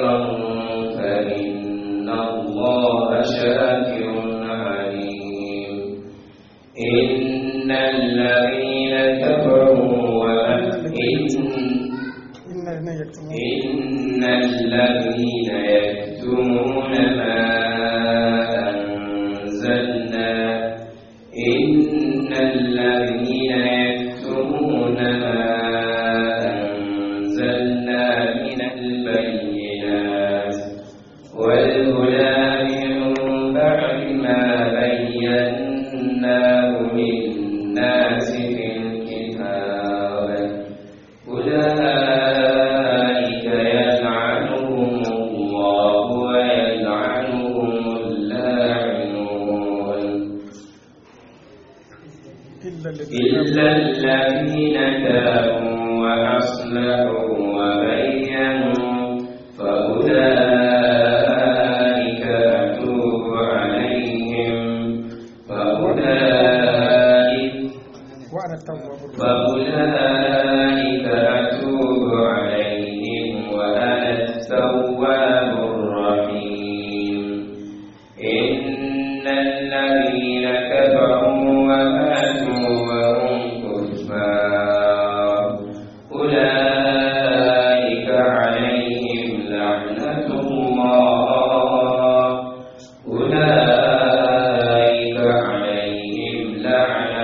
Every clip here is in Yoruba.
you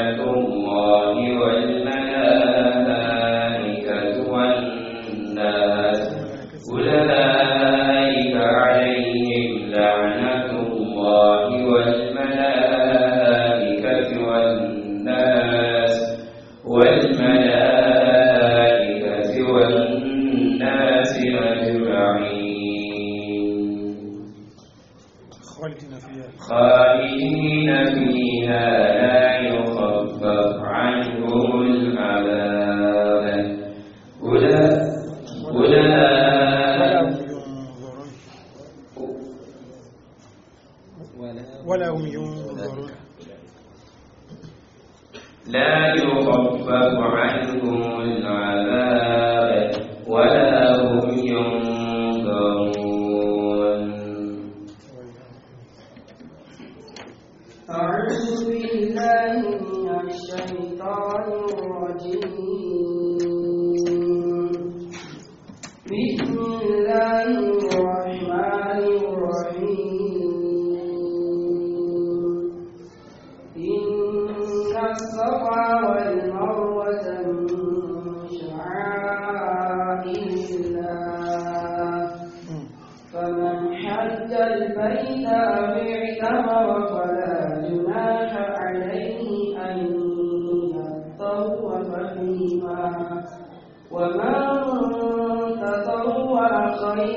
الله والملائكة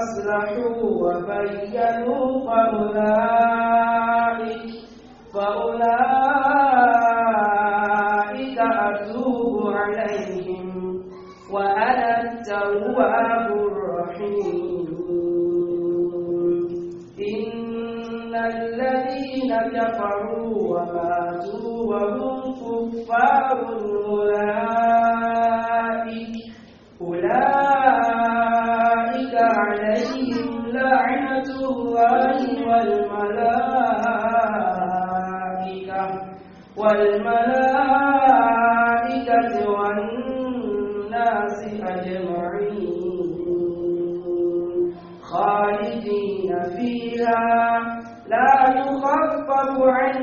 وأصلحوا وبينوا فأولئك فأولئك والملائكة والناس أجمعين خالدين فيها لا يخفف عنهم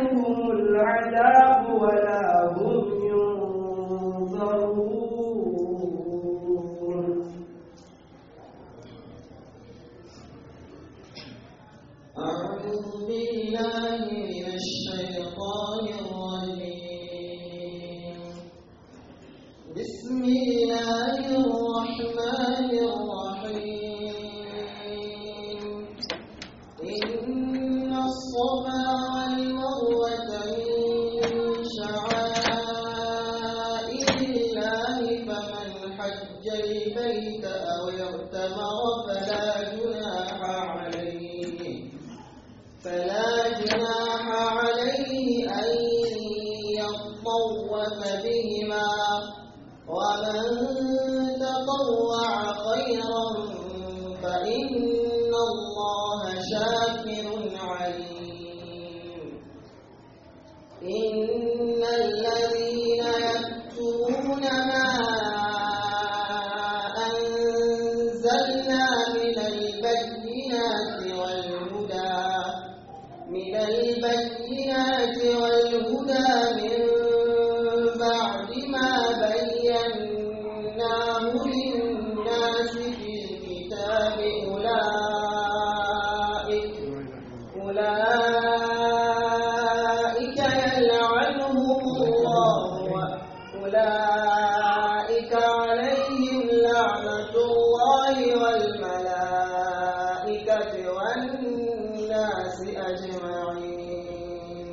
الله والملائكة والناس أجمعين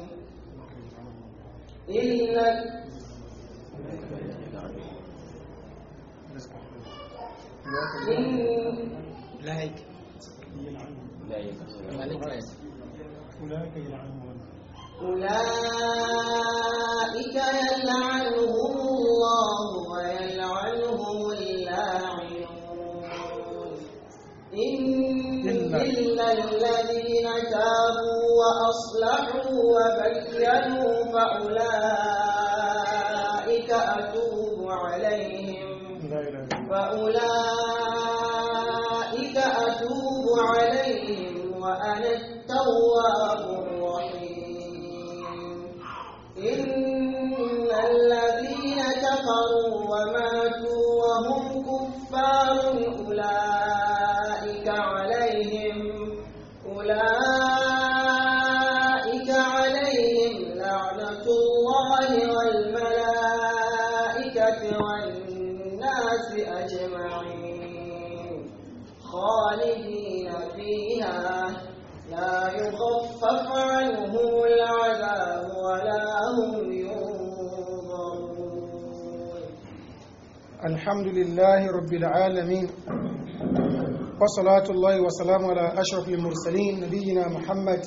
إنك لا أولئك يلعنون أولئك تابوا وأصلحوا وبينوا فأولئك أتوب عليهم فأولئك الحمد لله رب العالمين وصلاة الله وسلام على أشرف المرسلين نبينا محمد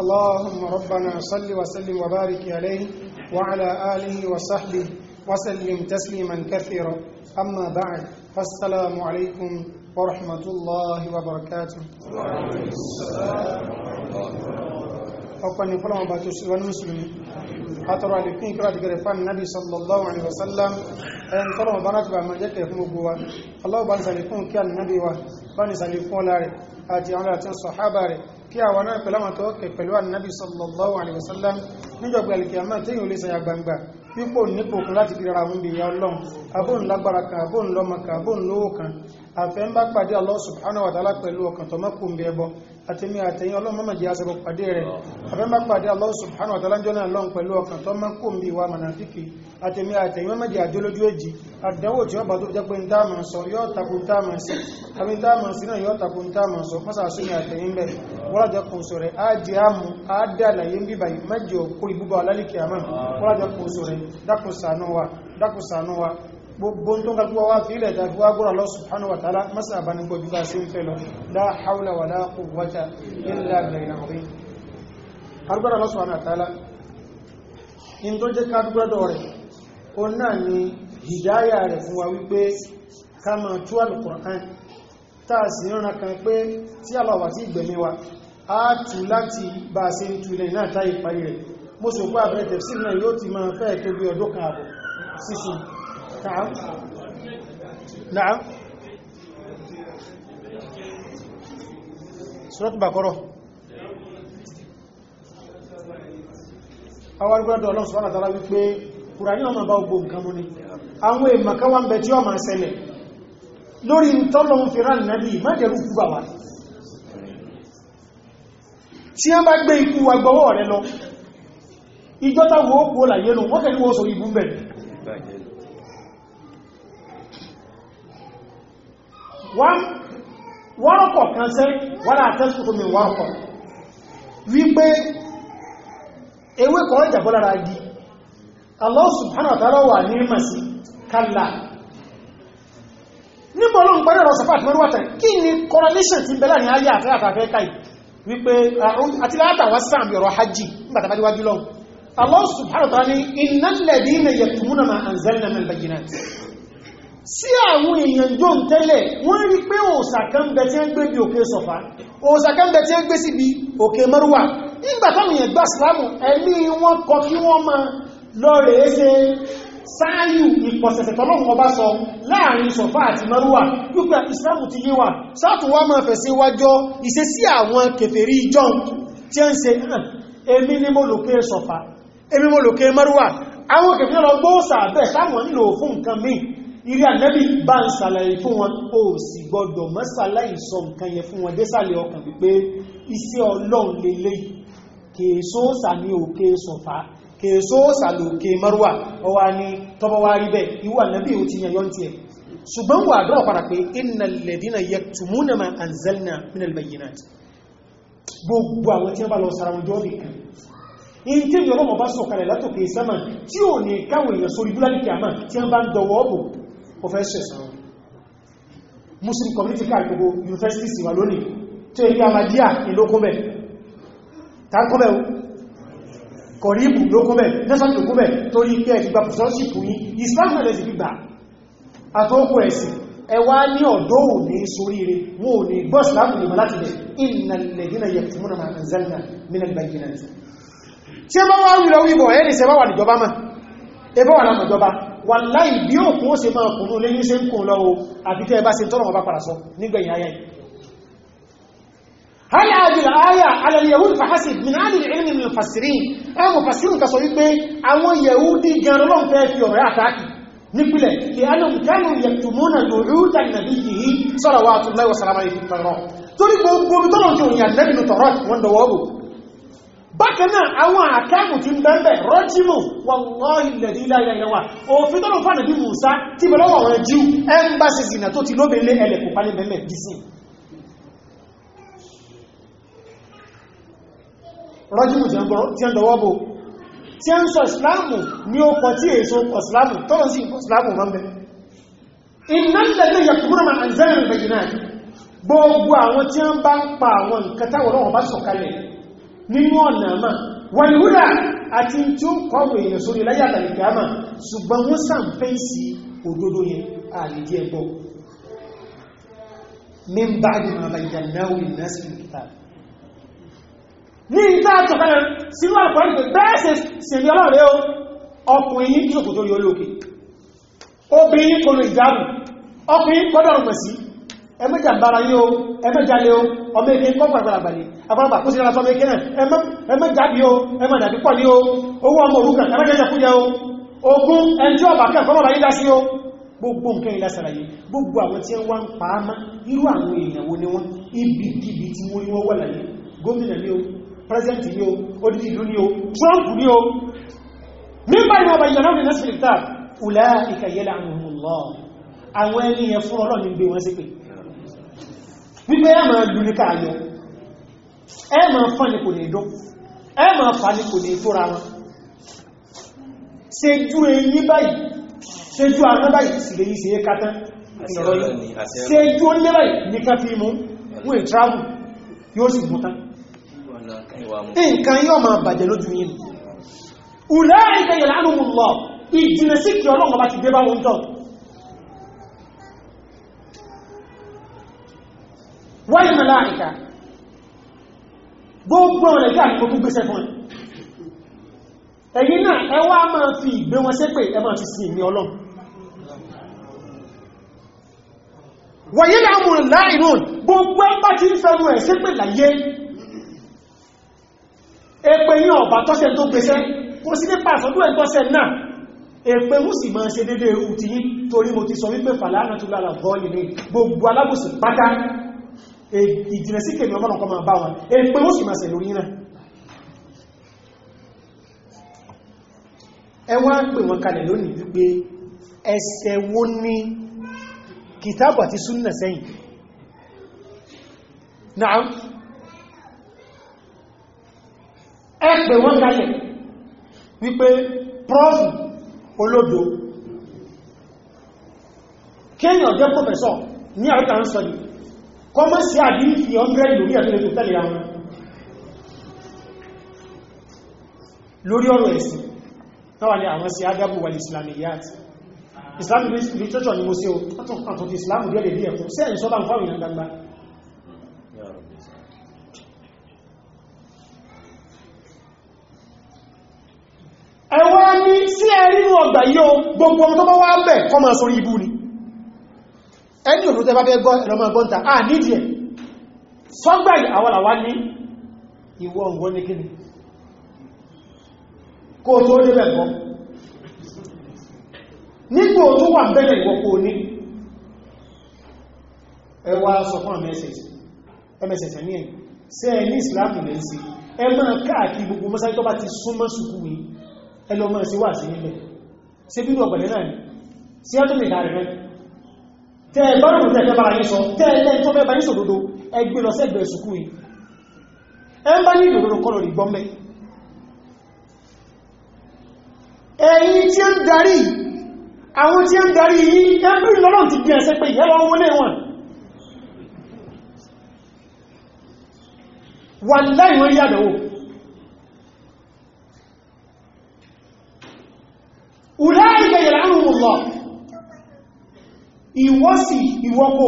اللهم ربنا صل وسلم وبارك عليه وعلى آله وصحبه وسلم تسليما كثيرا أما بعد فالسلام عليكم ورحمة الله وبركاته وعليكم السلام ورحمة الله وبركاته atọrọ àlèkún ìkíra ti gẹ̀rẹ̀ fún nàbí sallallahu alaihi wasallam ẹn tọrọ ọba láti bá máa jẹ́kẹ̀ fún gbogbo wa aláwọ̀ bá ní sàlékún kí ànàbí wa bá ní sàlékún ọlá rẹ̀ àti àwọn àti sọ̀hábà rẹ̀ kí àwọn náà pẹ̀lú àwọn tó kẹ̀ pẹ̀lú ànàbí sallallahu alaihi wasallam níjọba alìkìyàmá tí yóò lè sàyà gbangba pípò nípò kan láti fi ra àwọn ibi ìyá ọlọ́run abóhùn lágbára kan abóhùn lọ́mọ kan abóhùn lówó kan àfẹ́ ń bá pàdé Allah subhanahu wa ta'ala pẹ̀lú ọkàn ẹbọ àtẹ̀mí àtẹ̀yìn ọlọ́run mọ́mọ̀ jẹ́ aṣẹ́bọ̀ pàdé rẹ̀ àbẹ́mà pàdé Allah subhanahu wa ta'ala jọ́nà lọ́n pẹ̀lú ọkàn wa mọ̀nàfíkì àtẹ̀mí àtẹ̀yìn mọ́mọ̀ jẹ́ àjọlójú òjì àdánwò tí wọ́n bá tó jẹ́ pé ń dáàmà sọ yóò takun táàmà sí àbí ń dáàmà sí náà yóò takun táàmà sọ mọ́sà súnmí àtẹ̀yìn bẹ̀ wọ́lájọ kò sọ rẹ̀ á jẹ́ àmú á dà láyé wa dákùsànú wa gbogbo tó ń kàtúwà wá fílẹ̀ tàbí wá gúrà lọ subhanahu wa ta'ala masa bá ní gbogbo bá sí ń fẹ́ lọ la hawla wa la quwwata illa billahi azim agbára lọ subhanahu wa ta'ala in tó jẹ́ pé tí aláwà yóò ti máa fẹ́ tóbi ọdún kan àbọ̀ sísun نعم نعم sọ́tù bàkọ́rọ̀ àwọn agbẹ́dọ̀ ọlọ́run sọ́nà tàbí wípé kùránì ọmọ bá gbogbo nǹkan mú ní àwọn èmàká wá ń bẹ tí ọmọ ṣẹlẹ̀ lórí tọ́lọ̀un fi rán nàbí mẹ́jẹ̀rú kú bà wá tí a bá gbé ikú agbọ́wọ́ rẹ lọ ìjọ́ta wo kú ó làyé nù wárọ̀kọ̀ kan sẹ́ wọ́n àtẹ́sùkú mi wárọ̀kọ̀ wípé ewé kan jàbọ́ lára igi Allah subhanahu wa ta'ala wà ní màsí kálà nígbà olóhun pẹ̀lú ọ̀rọ̀ sọpá àti mẹ́rùwàtà kí ni correlation ti bẹ̀lá ní ayé àfẹ́ àtàfẹ́ káì wípé àti látàwà sáàmì ọ̀rọ̀ hajji nígbàtàbá díwájú lọ Allah subhanahu wa ta'ala ni innal ladhina yaktumuna ma anzalna min al sí àwọn èèyàn jò ń tẹ́lẹ̀ wọ́n rí pé òsàkánbẹ tí ń gbé bí òkè sọ̀fà òsàkánbẹ tí ń gbé sí bí òkè mọ́rúwà nígbà táwọn èèyàn gbà sílámù ẹ̀mí wọn kọ kí wọ́n máa lọ rèé ṣe sáàyù ìpọ̀sẹ̀sẹ̀ tọ́lọ́run ọba sọ láàrin sọ̀fà àti mọ́rúwà wípé ìsìlámù ti yé wa sáàtù wá máa fẹ̀sẹ̀ wájọ́ ìṣe sí àwọn kèfèrí ìjọ tí ó ń ṣe èmi ni mo lòkè sọ̀fà èmi mo lòkè mọ́rúwà àwọn kèfèrí lọ gbóòsà bẹ́ẹ̀ sáàmù nílò fún nǹkan míì ìrí ànẹ́bì bá ń sàlàyé fún wọn ó sì gbọdọ̀ mọ́ sàlàyé sọ nǹkan yẹn fún wọn désàlẹ̀ ọkàn wípé iṣẹ́ ọlọ́run lélẹ̀ kèèsóòsà ní òkè sọ̀fà kèèsóòsà lòkè mọ́rùwà ọwá ní tọ́bọ̀ wá rí bẹ́ẹ̀ ìwọ ànẹ́bì ò ti yàn tiẹ̀ ṣùgbọ́n wà dọ́ padà pé innal ladina yaktumuna ma anzalna minal bayyinat gbogbo àwọn tí wọ́n bá lọ sara wọn jọ́ nìkan in tí mi ọlọ́mọ bá sọ̀kalẹ̀ látòkè sẹ́mà tí ò ní káwọn èèyàn sórí búlálì kìámà tí wọ́n bá ń dọwọ́ ọ̀bùn ó fẹ́ sẹ̀sán muslim community card gbogbo university sì wà lónìí tí ó rí amadíà ìlókúnbẹ̀ tàkúnbẹ̀ kọ̀ríbù lókúnbẹ̀ nẹ́sàn lókúnbẹ̀ torí pé ẹ̀fì gba professorship yìí islam náà lẹ́sì gbígbà àtókù ẹ̀sìn ẹwà ní ọ̀dọ́ òní soríire wọ́n òní gbọ́sìláàmù lè láti bẹ̀ innal ladina yaktumuna ma anzalna minal bayyinati tí ẹ bá wá wílọ wíbọ̀ ẹ́ nìsẹ̀ bá wà níjọba mọ́ ẹ bá wà lámọ̀jọba wà láì bí òkun ó se máa kùnú lé yíṣẹ́ ń kùn lọ́wọ́ àbíkẹ́ ẹbá se tọ́nà ọba padà nígbẹ̀yìn ayá yìí هل هذه الآية على اليهود فحسب من أهل العلم من المفسرين أي مفسر كسو wípé àwọn Yahudi gan ló ń fẹ́ لأنهم كانوا يكتمون نعوت نبيه صلوات الله وسلامه عليه torí gbogbo tọ́lọ̀ tí òun yà lẹ́bìnú tọ̀rọ̀ wọn dọ̀wọ́ bákanáà àwọn àkáàmù tí ń bẹ́ẹ̀bẹ̀ rọ́jímù wallahi alladhi la ilaha illa huwa òfin tọ́lọ̀ fún ànàbí Mùsá tí bẹ̀rẹ̀ wọ̀n rẹ̀ jíu ẹmbásí zìnà tó ti lóbin lé ẹlẹ̀kùn pálẹ̀ mẹ́mẹ́ dísìn rọ́jímù tí ń dọwọ́bò tí ń sọ ìsìláàmù ní ọkọ̀ tí èso ma àǹzẹ́rẹ̀ rẹ̀ yìí náà gbogbo àwọn tí ń bá ń pa àwọn nǹkan táwọn ọlọ́wọ̀n bá sọ̀kalẹ̀ nínú ọ̀nà àmà wàlúhúdà àti tí ó kọ̀wọ̀ èèyàn sórí láyàtà ìgbàmà ṣùgbọ́n wọ́n sàǹfẹ́ǹsì òdodo yẹn àlèdí ẹbọ ní bá ìrìnàlà ìyànáwó ìnáṣì ìkìtà ní ìta àtọ̀kẹ́rẹ̀ sínú àpọ̀lẹ́gbẹ̀ bẹ́ẹ̀sẹ̀ sẹ̀rí ọlọ́rẹ́ ọkùnrin yìí tó kò tó yọ lókè obìnrin kò lè jáàmù ọkùnrin kọ́dọ̀ ọmọ sí ẹmẹ́jà bára yíó ẹmẹ́jà lé o ọmọ èké kọ́kọ̀ àgbàlagbà ní àgbàlagbà kó sí lára sọmọ èké náà ẹmẹ́jà bí o ẹmẹ́jà bí pọ̀ ní o owó ọmọ òrukàn ẹmẹ́jà kújẹ o ogún ẹjọ́ ọbàkẹ́ ọ̀kọ́mọ̀ bá yídá sí o gbogbo nǹkan ilẹ̀ sàlàyé gbogbo àwọn tí wọ́n ń pa á má irú àwọn èèyàn wo ni wọ́n ẹni yẹn fún gbé wọn sí pé wípé ẹ máa dùn ní káàyọ ẹ máa fà ní kò ní dún ẹ máa fà ní kò ní tóra wọn ṣe jú eyín báyìí ṣe jú aná báyìí sì lè yí ṣe é kátán ṣe jú oúnjẹ báyìí ní ká fi mú wọ́n ìtráàbù yóò sì mú tán nǹkan yóò máa bàjẹ́ lójú yìí ùlẹ́ ìkẹyẹ̀ lánàá mú lọ ìjìnlẹ̀ sí kí ọlọ́run bá ti gbé wọ́n yìí mẹ́lá ìka gbogbo ọ̀rẹ́ kí àkókò tó gbéṣẹ́ fún ẹ̀yìn náà ẹ wá máa fi ìgbé wọn ṣépè ẹ máa ti sin ìní ọlọ́run wọ́n yìí láàmù láìrún gbogbo ẹgbà tí ń fẹ́nu ẹ̀ ṣépè láyé èpè yìí ọ̀bà tọ́sẹ̀ tó gbéṣẹ́ kò sí nípa àfọ́dún ẹ̀ tọ́sẹ̀ náà èpè ń sì máa ṣe déédéé irú ti yí torí mo ti sọ wípé fàlànà tó lára bọ́ọ̀lì ní gbogbo alábòsí pátá E ìjìnlẹ̀ sí kèmì ọmọ ọkọ̀ máa bá wọn èpè e ó sì máa sẹ̀ lórí náà ẹ wá pè wọn kalẹ̀ lónìí wípé ẹsẹ̀ wo ní kìtàbù àti súnnà sẹ́yìn náà ẹ pè wọn kalẹ̀ wípé prọ́fù olódo kéèyàn jẹ́ pòfẹ́sọ̀ ní àríkà ń sọ yìí kọmọ́ sí àdírífì 100 lórí ẹ̀tọ́ ètò tẹ́lẹ̀ àwọn lórí ọ̀rọ̀ ẹ̀sìn tọ́wà ní àwọn sí agabu wal islamiyat islamic literature ni mo sí o ọ̀tọ̀ ti islamu díẹ̀ lèrí ẹ̀kùn sí ẹ̀yìn sọ́bà ń fáwọn ìyàn gbangba ẹwà ní sí ẹ̀rí ọgbà yóò gbogbo ọmọ tó bá wá bẹ̀ kọ́ máa sórí ibú ni ẹni òun tẹbá bẹ́ ẹlọ́mọ gbọ́nta à ah, nídìí ẹ̀ sọ́gbàyì àwọlàwà ní ìwọ òun ní kíni kó tó rí bẹ̀ gbọ́n nígbò tó wà bẹ́lẹ̀ ìwọ kò ní ẹwà sọ fún mss ní ẹ̀yìn sí ẹ ní ìsìláàmù lẹ́ sí ẹ máa káàkiri gbogbo mọ́sájú tó bá ti súnmọ́ sùkú yìí ẹlọ́mọ́ sí wà sí nílẹ̀ sí bí ọ̀pẹ̀lẹ̀ náà ni sí ẹ́ tó lè dáa rẹ̀ tẹ́ ẹ bá rùn tẹ́ ẹ bára yín sọ tẹ́ ẹ lẹ́yìn tó mẹ́ba yín sòdodo ẹ gbé lọ sẹ́gbẹ̀ẹ́ sùkú yìí ẹ àwọn tí ń darí yìí ẹ ń bírí lọ́lọ́n ti gbìyànṣe pé ìyá lọ wọlé wọn wà láì wọ́n rí àdánwò ùlá ìgbẹ̀yẹ̀ láàrùn mọ̀ ìwọ sì ìwọ kò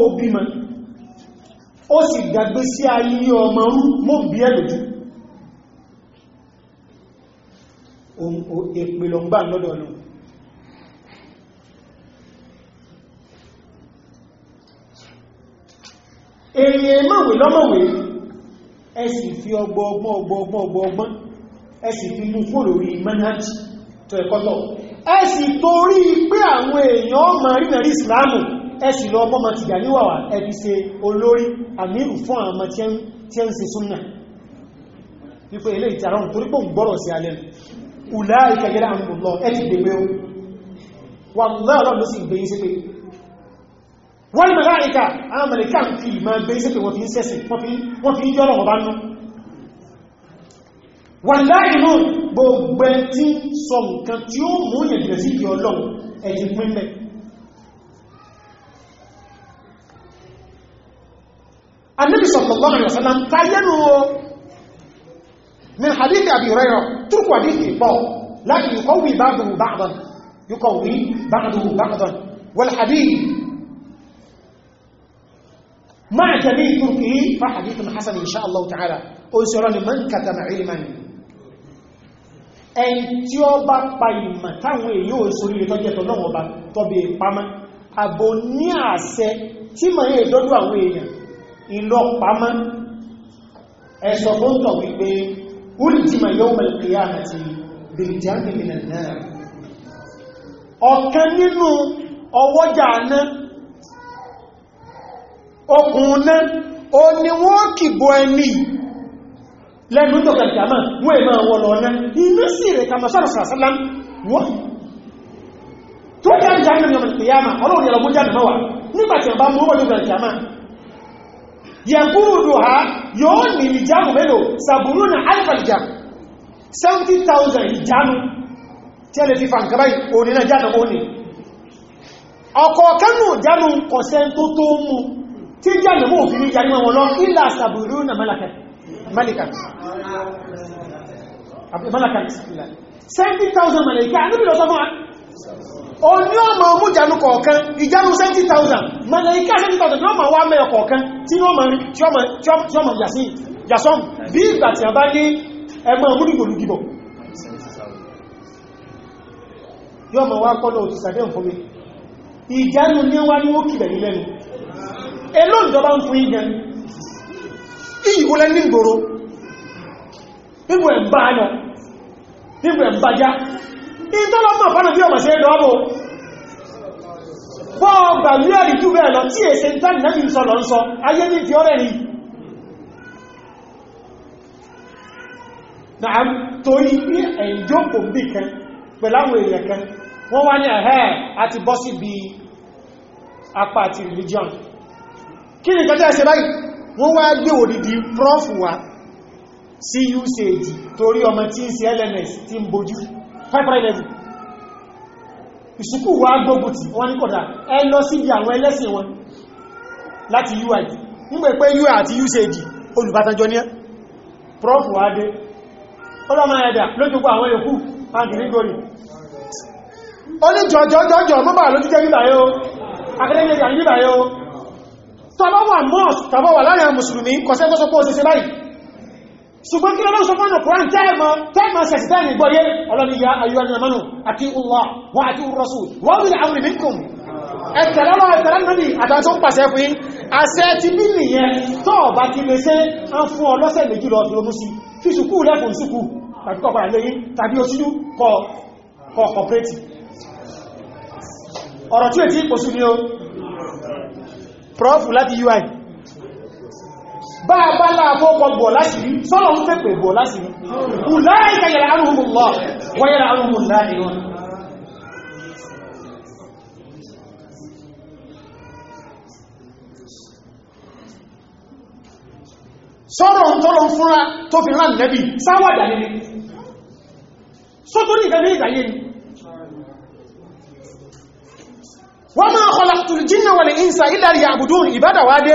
ó sì gbàgbé sí ayé ọmọ rú mọ́ bí ẹ̀ lójú gbà lọ́dọ̀ lọ èyàn mọ̀wé lọ́mọ̀wé ẹ fi ọgbọ ọgbọ ọgbọ ọgbọ ọgbọ ọgbọ ẹ fi mú fún lórí tó torí pé àwọn èèyàn ọmọ ìsìláàmù ẹ̀sì lọ ọmọ ti gà níwàwà ẹbí ṣe olórí àmírù fún àwọn tí ń ṣe súnnà wípé ilé ìtàrà ohun torípò ń gbọ́rọ̀ sí alẹ́ ùlá ìkẹgẹ́lẹ́ àwọn ọmọ ẹni gbègbè o wà lọ́ọ̀lọ́ sí gbé yí sípé wọ́n mẹ́lá ìkà ẹ̀ النبي صلى الله عليه وسلم تعينوا من حديث أبي هريرة تركوا حديث بعض لكن يقوي بعضه بعضا يقوي بعضه بعضا والحديث مع جميع تركه فحديث حسن إن شاء الله تعالى أسرني من كتم علما ẹn tí ó bá pa ìmọ̀ táwọn èyí ò sórí ìtọ́jẹ́ tọ́lọ́wọ́ bá tọ́bí pamá àbò ní àṣẹ tí mọ̀ èdọ́dọ̀ àwọn èèyàn ìlọpamọ́ ẹ̀sọ̀ fún tọ̀ wípé ultima yawm al-qiyamati biljami minan nar ọ̀kan nínú ọwọ́jà náà okùn náà o ní wọ́n kìbọ ẹni lẹ́nu tó kàkàmà wọ́n èmà wọ́n lọ náà inú sí rẹ̀ kàmà sọ́rọ̀sọ̀rọ̀sọ́lá wọ́n tó kàkàmà yawm al-qiyama ọlọ́run yẹ̀lọ́gbọ́n jáde mọ́wàá nígbàtí yẹ̀kúrùdù ha yóò ní ìjánu mélòó sàbúrú na alifalija 70,000 ìjánu tí a lè fi fàǹkà báyìí òní na jánu òní ọkọ̀ kánù jánu kọ̀sẹ́ tó tó mú tí jánu mú òfin ní jánu wọn lọ ilá sàbúrú na malakat 70,000 malakat onu ọma ọmú ìjánu kọ̀ọ̀kan ìjánu 70,000 70,000 yóò máa wá mẹ́ọ̀ kọ̀ọ̀kan tí yóò máa rí tí yóò máa yà sí yàsọ́m bí ìgbà tí a bá ní ẹgbẹ́ ọmú ìgbòlù gíbọ̀ yóò máa wá kọ́lọ̀ òtìsàdé òfòwé ìjánu ní wá ní ókìlẹ̀ ní lẹ́nu eló ìjọba ìtọ́lọ́mọ̀ fánà bí ọmọ sí ẹ̀dọ̀ ọmọ bọ́ ọgbà mílíọ̀nì jù bẹ́ẹ̀ lọ tí èsè ìtàn náà ń sọ lọ ń sọ ayé ní fi ọrẹ́ rí náà torí ní ẹ̀yìnjókò bí kan pẹ̀láwọ̀ èèyàn kan wọ́n wá ní ẹ̀hẹ́ àti bọ́ sí bí apá àti religion kí ni kọjá ẹsẹ̀ báyìí wọ́n wá gbé òdìdí prof wa sí usage torí ọmọ tí ń ṣe LMS tí ń bojú five eleven ìsìnkú wà gbogbo tí wọ́n ní kọ̀dá ẹ lọ sí ibi àwọn ẹlẹ́sìn wọn láti ui nígbẹ̀ pé ui àti usage olùbátanjọ ní ẹ́ prof wáde ọlọ́mọ ẹ̀dà lójúgbọ́ àwọn yòókù agirigori ó ní jọjọjọjọ mọ́bà lójújẹ́ níbàyó akadẹ́gbẹ̀ẹ́ níbàyó tọ́bọ́wà mọ́s tọ́bọ́wà láàrin mùsùlùmí kọ̀sẹ́ tó sọ pé ó sì sí báyìí ṣùgbọ́n kí ọlọ́run sọ fún ọ̀nà kùrán tẹ́ẹ̀mọ́ tẹ́ẹ̀mọ́ sẹ̀sì tẹ́ẹ̀mì gbọ́yé ọlọ́niyà ayúwà ní ọmọ àti Allah wọ́n àti rọ́sù wọ́n wílẹ̀ àwọn ìmìnkùn ẹ̀tẹ̀lọ́rọ̀ ẹ̀tẹ̀lọ́nàbì àtàtọ́ pàṣẹ fún yín bá a bá náà fọ́kọ̀ bọ̀ láti rí sọ́lọ̀ ń pèpè bọ̀ láti rí ulaika yal'anuhumullah wa yal'anuhumun la'inun sọ́rọ̀ ń tọ́rọ fúnra tó fi rán nẹ́bí sáwàdà nínú sótó ní ìgbẹ̀mí ìgbàyé ni wa ma khalaqtul jinna wal insa illa liya'budun ìbádà wádé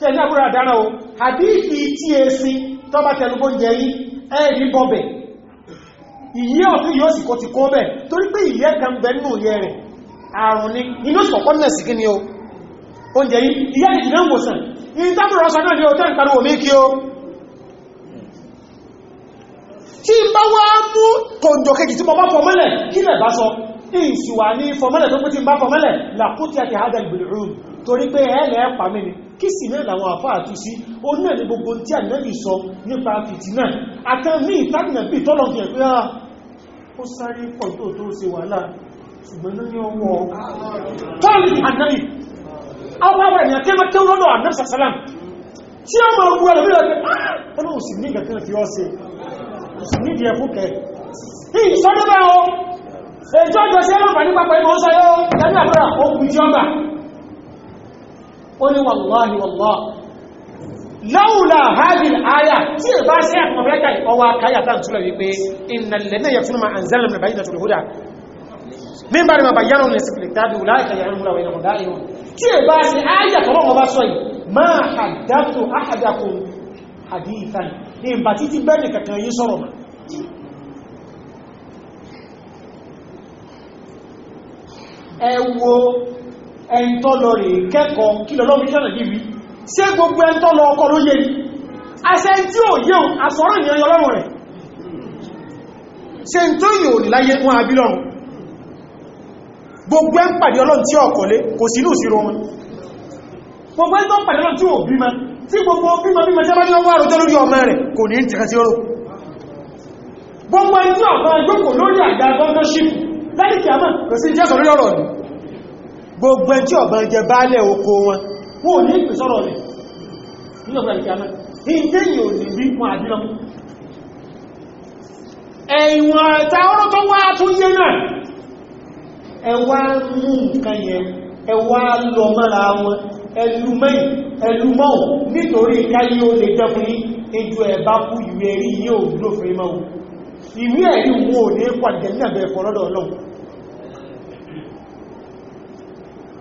tí ẹjá búra dára o àdíìsì tí e sí tọ́bá tẹnugbó jẹ yí ẹ̀rí bọ́bẹ̀ ìyí ọ̀tún yóò sì kó ti kó bẹ̀ torí pé ìyẹ́ kan bẹ nínú rẹ̀ àrùn ni inú sọ̀kọ́ náà sì kí ni o oúnjẹ yí ìyẹ́ ìdìdá ń wòsàn ìyí tábùrọ̀ ọsàn náà ni o tẹ́ ń pariwo mí kí o tí n bá torí pé ẹ̀ẹ́lẹ̀ pàmí ni kí sì náà làwọn àfá àtú sí ó náà ní gbogbo tí ànábì sọ nípa fìtì náà àtàmì ìtànàbì tọ́lọ̀ fi ẹ̀pẹ́ à ah, ó sáré pọ̀ tó tó ṣe wàhálà ṣùgbọ́n ní ọwọ́ tọ́lì ànábì àwọn àwọn ènìyàn kí wọ́n lọ́dọ̀ ànábì sàsálàm tí ó máa gbúra lórí ọdún ọlọ́run sì ní ìgbàkan fi ọ́sẹ̀ sì ní ìdíyẹ fúkẹ́ ìsọdọ́bà ọ ẹjọ́ ìjọsẹ́ lọ́pàá nípa pẹ̀lú ọsọ yọ ẹni àbúrà ó kù jọba ó ní wàláhì wàláhì láwùlà hajjil aya tí ìbá sí àkọ̀mọ̀fẹ́ta ìkọwà káyà tán túnlẹ̀ wípé ìnàlẹ̀nà yẹ túnmà àǹzẹ́lẹ̀ mẹ́rin báyìí tó lóhúdà ní bá rí ma bayyana ní sípìlì tàbí wùláìkà yà rúnmùra wà ìrìnàmùdá ìrùn tí ìbá sí aya tọ́rọ ọba sọ yìí máa ẹ̀ntọ́ lọ rẹ̀ kẹ́kọ̀ọ́ kí lọ lọ́wọ́ ìṣẹ́nà yìí wí ṣé gbogbo ẹ̀ntọ́ lọ ọkọ̀ ló yé ni àṣẹ tí ò yé òun àsọ̀rọ̀ ìyẹn ọlọ́run rẹ̀ ṣe ń tó yìí ò ní láyé wọn àbí lọ́run gbogbo ẹ̀ ń pàdé ọlọ́run tí ọkọ̀ lé kò sí inú ìṣirò wọn gbogbo ẹ̀ tó ń pàdé ọlọ́run tí ò bímọ tí gbogbo bímọ bímọ tí a bá lórí àgbà gọ́gọ́ṣìpù lẹ́yìn kí a kò sí jẹ́ sọ lórí ọ̀rọ̀ ọ̀dún gbogbo ẹjọ́ tí ọ̀gbọ̀n jẹ báálẹ̀ oko wọn wọ́n ní ìpìsọ́rọ̀ sọ́rọ̀ rẹ̀ nígbàgbà ìkàmẹ́ ìdé yìí ò ní bí wọn àdínà ẹ̀yìnwọ̀n ẹ̀ta ọ̀rọ̀ tó wá tún náà ẹ mú nǹkan yẹn lọ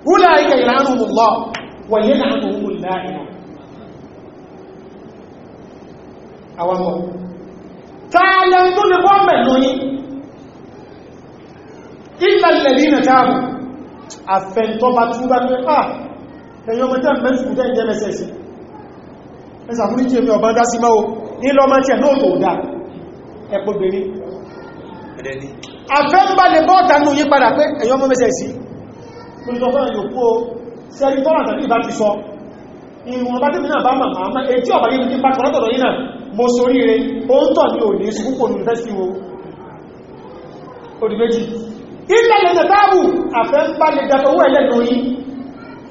أولئك يلعنهم الله ويلعنهم اللاعنون àwọn ọmọ tààlẹ̀ tó lè bọ́ mẹ̀lú yí ìlàlẹ̀lẹ̀ ìrìnà táàbù àfẹ́ntọ́bà túbá pé à ẹ̀yọ mẹ́ta mẹ́sùkútẹ́ ìjẹ́mẹ́sẹ̀sì ẹsàmúrí jẹ́ mi ọ̀bá dá sí máa o ní lọ máa tí ẹ̀ lóòtò dá ẹ̀pọ̀gbẹ̀rí àfẹ́ ń bá lè bọ́ọ̀tà nù yí padà pé ẹ̀yọ mẹ́sẹ̀sì pẹ̀lú fún ìyókú o sẹ́rí tọ́rọ àtàbí ìbá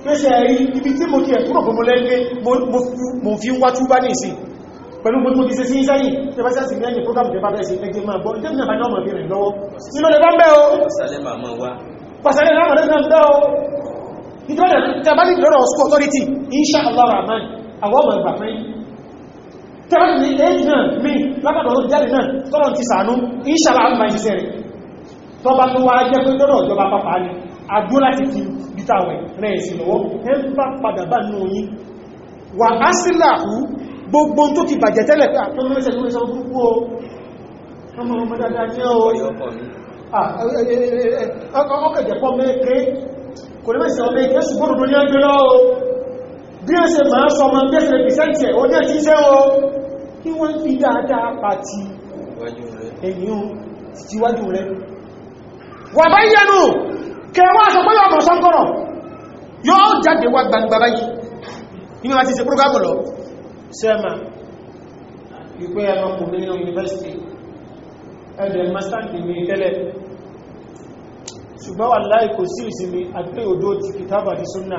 ti ẹ̀rí ibi tí mo ti ẹ̀ kúrò fún lẹ́gbẹ́ mo fi ń wájú bá ní ìsìn pẹ̀lú gbogbo ti se sí sẹ́yìn tí bá sẹ́sì mẹ́rin program tẹ́bá bẹ́ẹ̀ sí ẹgbẹ́ máa bọ́ pàṣẹlẹ̀ láàrín náà dá o ìjọ́dẹ̀ tẹ́bálì lọ́rọ̀ ọ̀sùn authority insha Allah rahman àwọn ọmọ ìgbà fẹ́ tẹ́bálì ní ẹ́jì náà mi lápapọ̀ insha Allah àmà ìṣẹ́ rẹ̀ tọba tó wá jẹ́ pé lọ́rọ̀ ìjọba pápá ni agbó láti fi bítàwẹ̀ rẹ̀ sí lọ́wọ́ ẹ ń bá padà bá ọkẹ̀jẹ̀ pọ̀ mẹ́kẹ́ kò ní mẹ́sàn mẹ́kẹ́ ṣùgbọ́n òdó ní ọjọ́ lọ́wọ́ bí ẹ ṣe máa sọ ma mẹ́sàn pìsẹ́ntì ó ní ẹ̀ṣíṣẹ́ o kí wọ́n fi dáadáa pàtí ẹ̀yìn tíwájú rẹ̀ wà bá yẹnu kẹwàá sọ pé ọmọ sọ́kọ̀rọ̀ yóò jáde wá gbangba báyìí ní wọ́n ti ṣe púrógámù lọ sẹ́mà ìpẹ́ ẹmọkùnrin yunifásitì ẹ̀dẹ̀ mọ́sáǹdì ní tẹ́lẹ̀ ṣùgbọ́n wà láì kò sí ìsinmi àgbé òdó ti kìtàbà di súnnà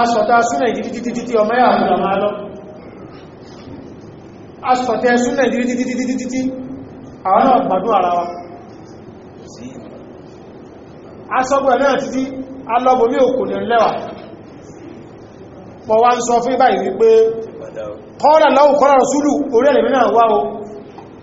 asọ̀tà súnnà ìdí títí títí ọmọ yà àmì àmà lọ asọ̀tà súnnà ìdí títí títí títí àwọn náà gbádùn ara wa asọ́gbọ̀ náà títí alọ́bọ̀mí òkò ní lẹ́wà pọ̀ wá ń sọ fún ibáyìí wípé kọ́ọ̀lá lọ́wọ́ kọ́ọ̀lá rọ̀súlù orí ẹ̀lẹ̀mí náà wá o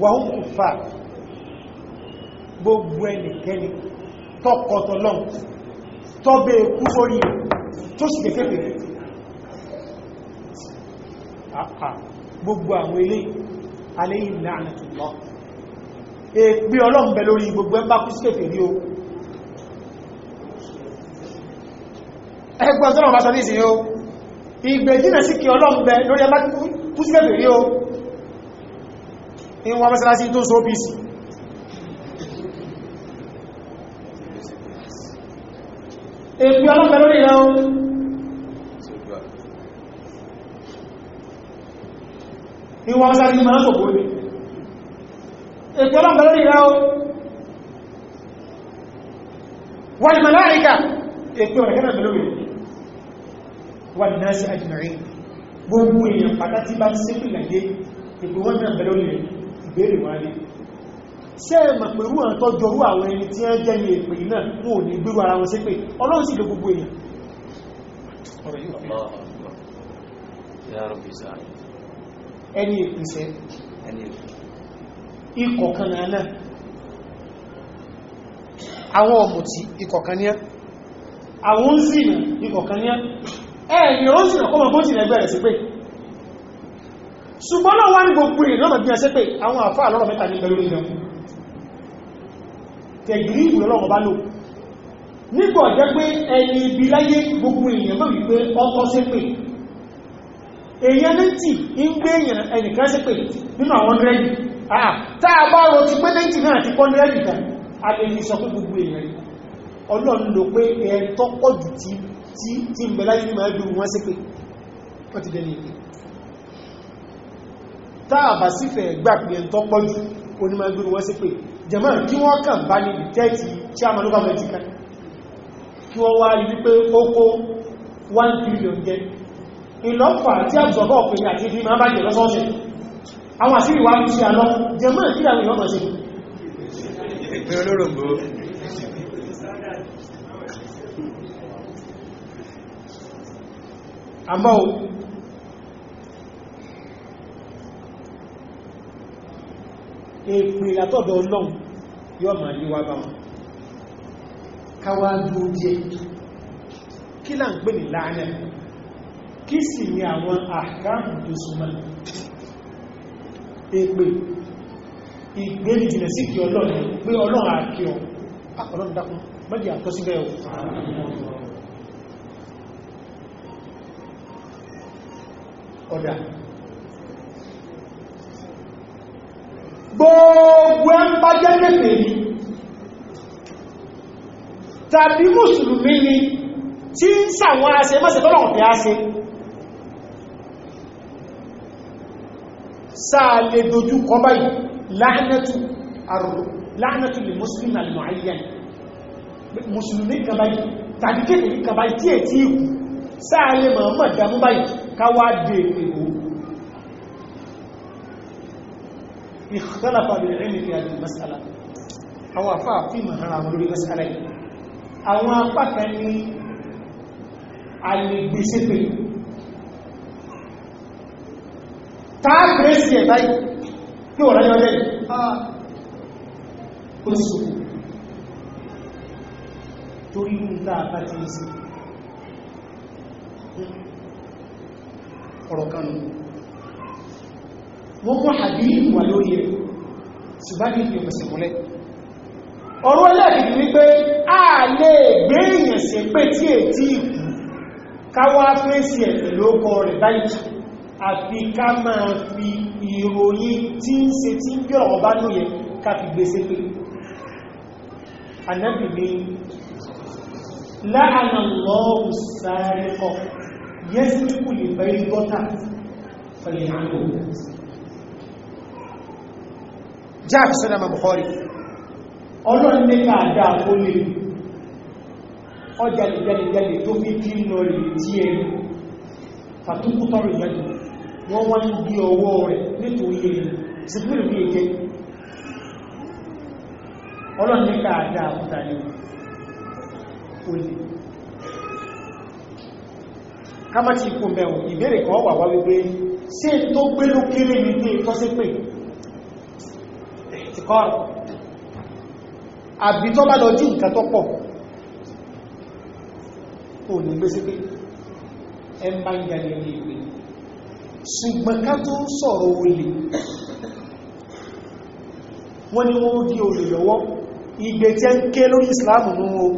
wàhún kùfà gbogbo ẹnikẹ́ni tọ́kọtọ̀ lọ́n tọ́bẹ̀ kú sórí tó sì kẹ́kẹ́ rẹ̀ àpá gbogbo àwọn ilé aléyìn láàrín tùlọ èpí ọlọ́m̀bẹ̀ lórí gbogbo ẹmbá kú sí rí o ẹgbọ́n tọ́lọ̀ bá sọ ní ìsìn yóò ìgbẹ̀jìnà sí kí ọlọ́m̀bẹ̀ lórí ẹmbá kú sí rí o in wọ́n mọ́sálásí tó so pc èpí ọlọ́pẹ́ lórí ìlà ohun in wọ́n mọ́sálásí máa ń sọ̀pọ̀ ní èpí ọlọ́pẹ́ lórí ìlà ohun wal malaika èpí ọ̀rẹ́kẹ́ lórí wal nasi ajma'in gbogbo èèyàn pàtàkì bá ń sí pìlàyé ìgbòwọ́n náà bẹ̀rẹ̀ olè ìbéèrè wọn lé ṣé ẹ mọ̀ pẹ̀lú àwọn jọrú àwọn ẹni tí wọ́n jẹ́ ní náà wọn ò ní ara wọn sí pé gbogbo èèyàn ẹni ìpìsẹ́ ikọ̀ náà àwọn ọ̀mùtí ikọ̀ ní àwọn ń sìnà ikọ̀ ní ẹ̀yìn ó sìnà kọ́mọ̀ bó rẹ̀ ṣùgbọ́n náà wá ní gbogbo èèyàn lọ́nà bí i ẹsẹ́ pé àwọn àfáà lọ́rọ̀ mẹ́ta ní pẹ̀lú ìjọ tẹ̀gìrí ìwòlọ́wọ́ bá lò nígbà jẹ́ pé ẹni ibi láyé gbogbo èèyàn mọ́ wípé ọkọ̀ sí pé èèyàn nẹ́ntì ń gbé èèyàn ẹnìkan sí pé nínú àwọn rẹ́dì àà tá a bá rọ ti pé nẹ́ntì náà ti kọ́ rẹ́dì kan a lè ní sọ pé gbogbo èèyàn ọlọ́run ló pé ẹ̀ tọ́pọ̀ jù tí ń bẹ láyé ní máa dùn wọ́n sí pé wọ́n ti dẹ̀ ní ìpè táàbà sífẹ̀ gbà pé ẹ̀ntọ́ pọ́jú onímọ̀ ẹgbẹ̀rún wọ́n sí pé jẹ̀mọ́ kí wọ́n kàn bá ní ìtẹ́ẹ̀tì chairman local government kan kí wọ́n wá rí wípé ó kó 1 billion jẹ́ ìlọ́pàá tí àbùsọ̀bọ̀ pé àti ìdí máa bàjẹ́ lọ́sọ́ọ̀sẹ̀ àwọn àṣírí wá ní sí àlọ́ jẹ̀mọ́ kí làwọn èèyàn mọ̀ sí ìpín olórògbò àmọ́ èpè látọ̀dọ̀ ọlọ́run yóò máa yíwá bá wọn káwá dúró díẹ̀ kí là ń pè ní láàrín kí sì ni àwọn àkáàmù tó súnmọ́ èpè ìgbéni jìnà sí kí ọlọ́run pé ọlọ́run àkí ọ ọlọ́run dákun mẹ́jì àtọ́ síbẹ̀ ọ̀ ọ̀dà gbogbo ẹ ń bá jẹ́ pẹ̀pẹ̀ ní tàbí mùsùlùmí ni tí ń sàwọn aṣe mọ́sẹ̀ tọ́lọ̀ ọ̀fẹ́ aṣe sáà lè dojú kọ báyìí láàánẹ́tù àrùn láàánẹ́tù lè mùsùlùmí àlùmọ̀ ayé mùsùlùmí kan báyìí tàbí kéèkéé kan báyìí tí è tí ìkù sáà lè mọ̀ọ́mọ̀ dámú اختلف بالعلم في هذه المسألة أو أفا في مهرام لوري مسألة أو أفا كان علي بسيبي تا بريسي باي يو رأي ولي آه كل تريد أن تأفتيسي ọ̀rọ̀ kanu wọ́n kún hadith wà lórí ẹ̀ ṣùgbọ́n ní ìfẹ́ ìpẹ̀sẹ̀ múlẹ̀ ọ̀rọ̀ ẹlẹ́ẹ̀kìtì wípé a lè gbé èèyàn sí pé tí è tí ìkù káwá fèsì ẹ̀ pẹ̀lú ọkọ̀ rẹ̀ báyìí àfi ká máa fi ìròyìn tí ń ṣe tí ń bí ọ̀rọ̀ bá lóye ká fi gbèsè pé anábì ní lọ́wọ́ sáré kọ yẹ́sìnkù lè bẹ́ ìgbọ́ta pẹ̀lú àwọn jáàfi sọ́nàmà bukhari ọlọ́rin ní káàdá kó lè ọjà lè jẹ́lẹ̀jẹ́lẹ̀ tó fi kí lọ rẹ̀ tí ẹ fàtúkútọ́rù ìyẹ́dù wọ́n wá ń bí ọwọ́ rẹ̀ nítorí rẹ̀ sípìlì ní èké ọlọ́rin ní káàdá ìfìkọ́rù àbí tó bá lọ jí nǹkan tó pọ̀ kò ní gbé sí pé ẹ má ń yà lẹ́yìn ìwé ṣùgbọ́n ká tó sọ̀rọ̀ olè wọ́n ní wọ́n di olè lọ́wọ́ ìgbè tí ń ké lórí ìsìláàmù nú o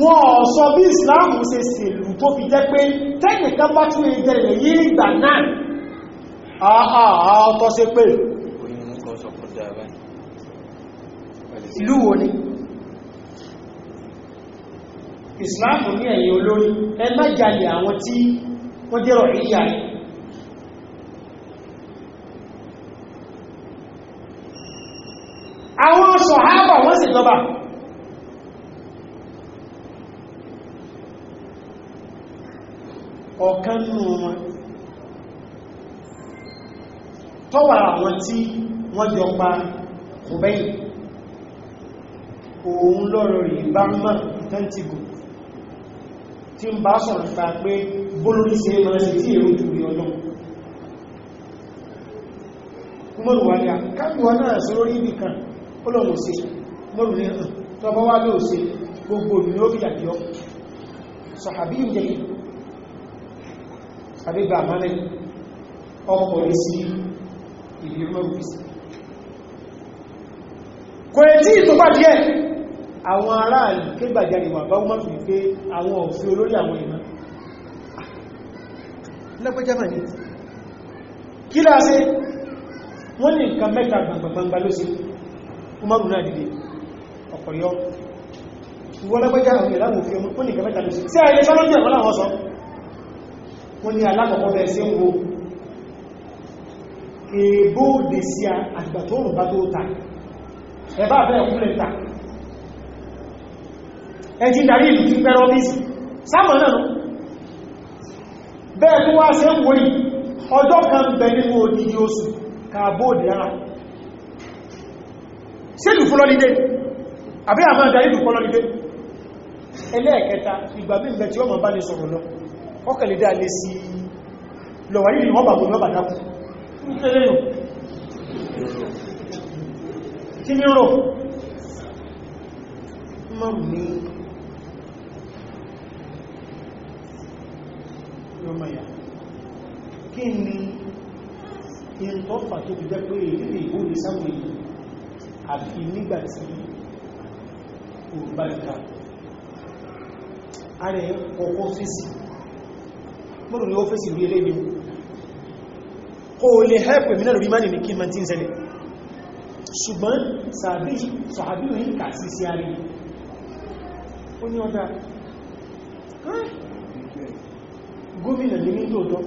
wọ́n sọ bí ìsìláàmù ṣe ṣèlú tó fi jẹ́ pé tẹ́nìkan bá tún lè jẹ́ ìgbà náà àà ọ̀tọ̀ pé ìlú wo ni ìsìláàmù ní ẹ̀yìn olórin ẹ má jalè àwọn tí wọ́n jẹ́rọ̀ ìyá rẹ̀ àwọn sọ̀hábà wọ́n sì jọba ọ̀kan nínú wọn tọ́wà àwọn tí wọ́n jọ pa kò bẹ́yìn òun lọ́rọ̀ rí bá mọ́ ìtẹ́ntìgò tí ń bá sọ̀rọ̀ nípa pé bólórí sí si tí èrò ìjúrí ọlọ́ mọ́rùwárí àkájúwa náà sí lórí ibì kan ó lọ́wọ́ sí mọ́rùwárí bá gbogbo díẹ̀ àwọn aráàlú kégbàjáde wà bá wọ́n fi pé àwọn òfin olórí àwọn ìmọ̀ lápẹjámà ní kí láàáṣẹ́ wọ́n ní nǹkan mẹ́ta gbàgbàgbà ló sí ọmọrùn náà dìde ọ̀pọ̀yọ́ ìwọ́n lápẹjámà ní ìlànà òfin ọmọ wọ́n ní nǹkan mẹ́ta ló sí sí ayé sọ́lọ́jẹ̀ wọ́n ẹ̀bá àbẹ́ ọkùnrin ta ẹjí darí ìlú ti pẹ́rọ bí sáàmà náà bẹ́ẹ̀ tó wá ṣe ń wòye ọjọ́ kan bẹ nínú oṣù ara sílù fúlọ́lídé àbí àmà darí ìlú fúlọ́lídé ẹlẹ́ẹ̀kẹta ìgbà bí ìgbẹ̀ tí ọmọ bá lè sọ̀rọ̀ lọ lè sí lọ̀wà yìí wọ́n dákù ọmọ ìyà kí ni ìntọ́fà tó fi jẹ́ pé ìdílé ìwúrí sáwọn èèyàn àbí nígbàtí òbáríkà ààrẹ ọkọ̀ ọ́fíìsì mọ́rùn ní ọ́fíìsì rí eré ni kò lè hẹ́pẹ̀ mínà lórí mánì ní kí ma ti ń ṣẹlẹ̀ ṣùgbọ́n sàbí gómìnà lè ní lóòtọ́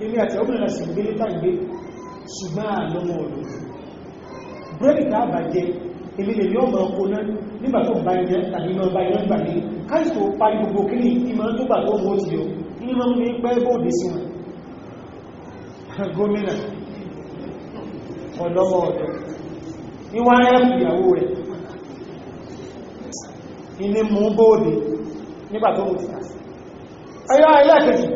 ilé àti ọmọdé sì gbé nítàgbé ṣùgbọ́n àlọ́mọ̀ ọ̀dọ̀ bírẹ́dì tàbà ilé lè ní ọmọ ọkọ̀ náà nígbà tó bá iná tàbí máa bá iná gbà ní káìsò gbogbo ìmọ̀ tó gbà tó mọ́ sí nígbà tó ẹ̀yà ẹlẹ́ẹ̀kẹ́jì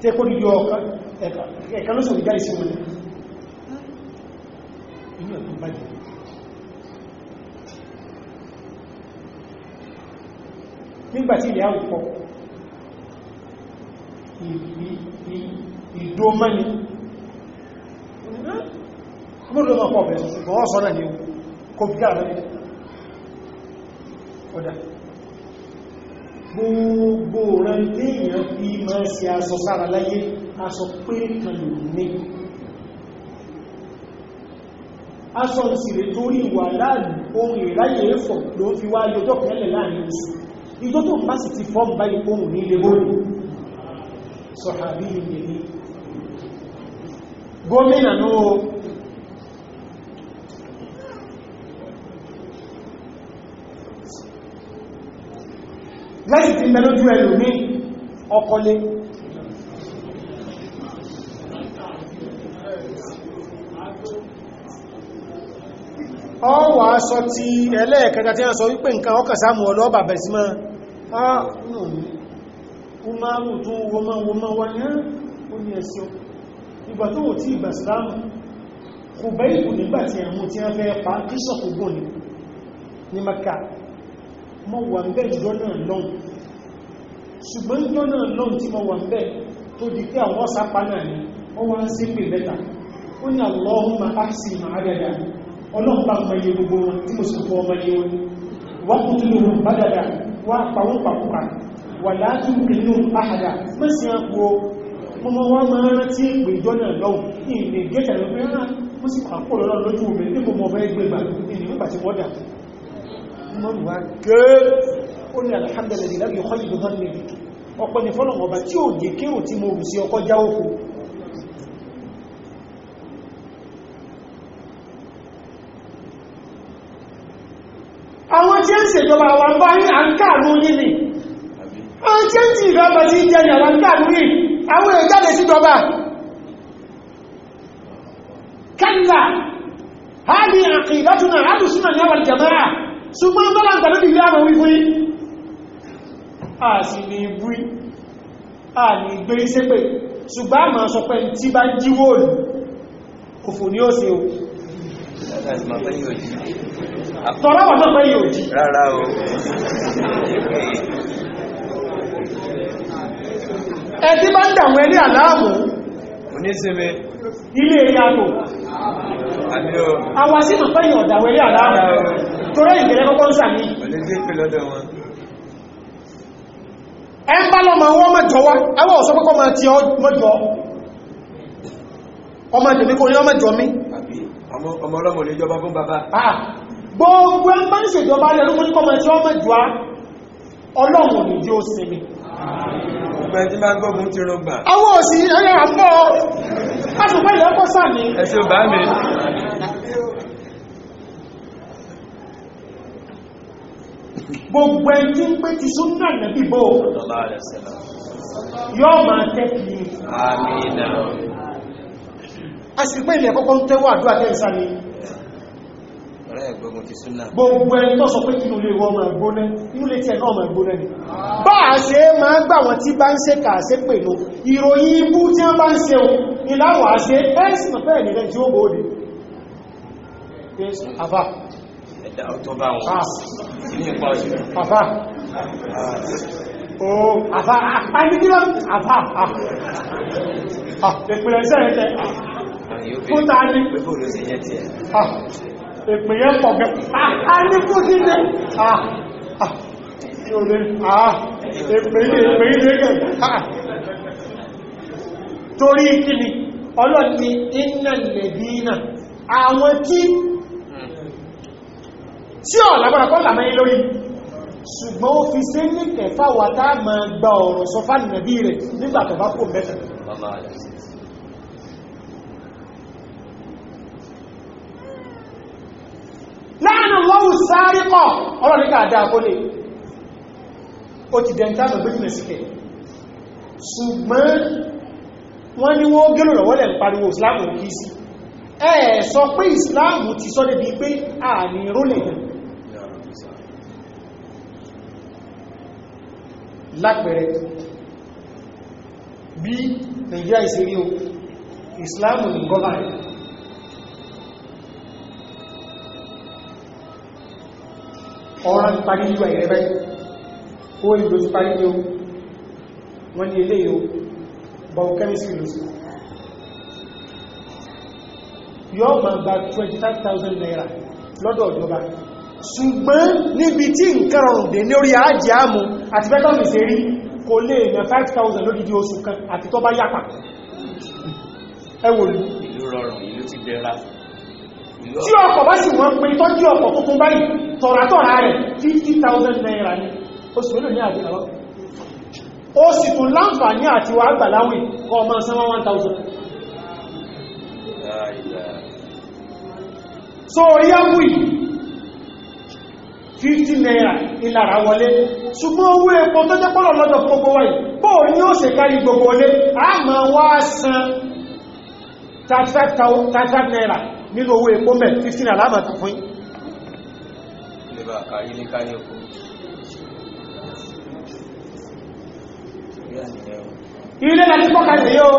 tí kó dìdí ọ̀kan lóṣù ìgbà ìsìn wọn inú ẹ̀kọ́ bá jẹ́ nígbàtí ilẹ̀ àwùpọ̀ ìdó mẹ́ni ọmọdé ọmọ ọ̀pọ̀ ọ̀bẹ̀ ṣùgbọ́n ọ̀sán náà ni kò bí gbogbo ọ̀ràn tí èèyàn fi máa ṣe aṣọ sára láyé aṣọ pé kan lò ní aṣọ ìsìnlẹ̀ torí wà láàrín ohun ìráyè ẹ̀fọ̀ ló fi wá yọjọ́ kẹ́lẹ̀ láàrín oṣù ìjọ tó bá sì ti fọ́n báyìí ohun ní ilé bóòlù sọ̀hàbí ìgbèlé gómìnà náà ń bẹ lójú ẹlòmí ọkọlé ọwà aṣọ ti ẹlẹ́ẹ̀kẹta tí a sọ wípé nǹkan ọkà sáàmù ọlọ́ọ̀bà bẹ̀rẹ̀ sí máa ah nù umaru tó wọmọ wọmọ wáyé ó ní ẹ̀sọ́ ìgbà tó wò tí ìgbà ìsìlámù kò bẹ́ ìbò nígbàtí ẹ̀mù tí a fẹ́ pa kíṣọ̀kù gbọ́n ní Mẹ́kà mọ́ wà ń bẹ́ jùlọ náà lọ́nà ṣùgbọ́n jọ́nà lọ́n tí wọ́n wà ń bẹ́ tó di pé àwọn sápa náà ni wọ́n wá ń sí pè mẹ́ta ó ní Allahumma áṣì màádàdà ọlọ́pàá mọye gbogbo wọn tí mo sì fọ́ ọmọye wọn wá kú tó lóhun bádàdà wá pàwọn pàkúkà wà látú inú àhàdà mẹ́sì àpò ọmọ wa máa rántí pé jọ́nà lọ́n ní ilé gẹ́tà lọ pé rárá ah, mo sì pàpọ̀ lọ́rọ̀ lójú mi nígbò mọ̀ ó ní alhamdulillah lábí ọkọ̀ ìbò hàn níbi ọ̀pọ̀ ní fọ́nà ọba tí ó jẹ́ kérò tí mo rù sí ọkọ̀ já òkú àwọn tí ń ṣèjọba àwọn bá ní à ń káàlú yìí ni àwọn tí ń ti ìjọba ti jẹ́ ní àwọn káàlú àwọn ìjáde síjọba a sì lè búí a lè gbé iṣẹ́ pé ṣùgbọ́n àmà sọ pé tí bá jíwò lù òfò ní òsè o tọ́láwà náà pẹ́ yóò jí rárá o ẹ̀tí bá ń dàwọn ẹni àláàmù oníṣẹ́mẹ́ ilé ìyàtò àwàsí mọ̀ pẹ́yìn ọ̀dàwẹ̀lẹ́ àláàmù tó rẹ̀ ìgbẹ̀rẹ̀ kọ́kọ́ ń sàmì ẹ ń bá lọ́mọ wọ́n mẹ́jọ wá ẹwọ́ ọ̀sọ́ pẹ́kọ́ máa ti mọ́jọ ọmọ ìdèmí kò ní ọmọ ìjọ mi ọmọ ọlọ́mọ lè jọba fún bàbá gbogbo ẹ ń bá ń ṣèjọba rẹ̀ ló mọ́jọ́ máa ti ọmọ ìjọ ọlọ́mọ lè jẹ́ òsinmi àwọn òsì ẹ̀yà àpọ̀ gbogbo ẹni tí ń pé ti súnà nàbí bó yóò máa tẹ́kì àmìnà àṣìpé ilẹ̀ kọ́kọ́ ń tẹ́wọ́ àdúrà tẹ́ǹsá ni gbogbo ẹni tó sọ pé kí ilé wọn máa gbóná inú lè tẹ̀ náà máa gbóná ni bá a ṣe máa gbà wọn tí bá ń ṣe kà ṣe pè ló ìròyìn ibú tí wọ́n bá ń ṣe òun ìláwọ̀ àṣe ẹ́sìn fẹ́ẹ̀ nílẹ̀ tí ó bóde tó bá wọn ní ah. ipa ọjọ́ àfá ooo àfá àdíkílá àfá ìpìlẹ̀ iṣẹ́ rẹ̀ ah. oh, ah. tẹ́ fún ta ní ìpìlẹ̀ pọ̀ gẹ́ àníkú sí ní ìpìlẹ̀ gẹ́ torí kíni ọlọ́ni iná lẹ̀dínà àwọn tí tí ọ̀ lágbára kọ́ làmẹ́yìn lórí ṣùgbọ́n ó fi ṣe ní kẹfà wà tá a máa gba ọ̀rọ̀ sọ fáàlì nàbí rẹ̀ nígbà tó bá kò mẹ́fẹ̀ láàrín lọ́wù sáré pọ̀ ọ̀rọ̀ ní káàdá àkólé ó ti dẹ̀ntà àgbẹ̀ gbẹ́jìnà síkẹ̀ ṣùgbọ́n wọ́n ní wọ́n gẹ́rò lọ́wọ́lẹ̀ ń pariwo ìsìláàmù kìí sí ẹ̀ sọ pé ìsìláàmù ti sọ́ débi pé ààrin rólẹ̀ lápẹẹrẹ bí Nigeria ìsìrí o Islam ní gọ́nà ọ̀rán parí ìwà ìrẹ́bẹ́ ó ìlú ti parí ní o wọ́n ní ilé ìlú biochemistry lọ sí yọ́ ma gba 25,000 naira lọ́dọ̀ ìjọba ṣùgbọ́n níbi tí nǹkan ọ̀rùn dé lórí àájì àmú àti bẹ́tọ̀mì sí rí kò lè na 5,000 lódìdí oṣù kan àti tó bá yàpá ẹwò ìlú rọrùn ìlú ti dẹ́ra tí ọkọ̀ bá 50,000 naira ní oṣù mélòó ní àdúrà ó sì tún láǹfààní àti wà àgbàláwì kọ ọmọ sánwọ́ 1,000 so orí áwùí fifty naira ìlara wọlé ṣùgbọ́n owó epo tó jẹ́ pọ́lọ̀ lọ́dọ̀ gbogbo wa yìí bó o ní ó ṣe kárí gbogbo wọlé a máa wá san thirty naira nínú owó epo mẹ́ fifty naira láàmà tó fún yín. ilé láti pọ́ka ìdè yóò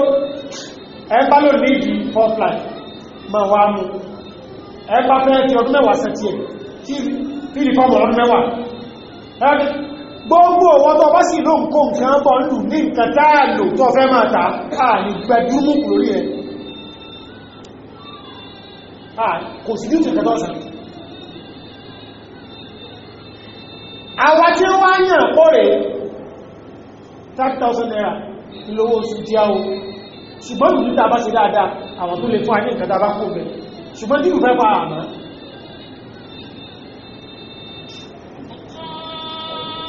ẹgbá ló ní ìdí fourth line ma wá mú ẹgbá fẹ́ ti ọdún mẹ́wàá sẹ́tì níbi fọ́mọ̀ ọdún mẹ́wàá gbogbo wọn tó bá sì ló ń kó nǹkan bọ́ lù ní nǹkan táàlò tó fẹ́ máa ta ààrí gbẹdúrúmù lórí ẹ̀ kò sí dúdú ìkẹta ọ̀sán àwọn tí wọ́n yàn kó rẹ̀ 5,000 naira lówó oṣù díà o ṣùgbọ́n ìlú tàbá sí dáadáa àwọn tó lè fún àyíkàtà bá kó bẹ̀ ṣùgbọ́n dínú fẹ́ pa àmà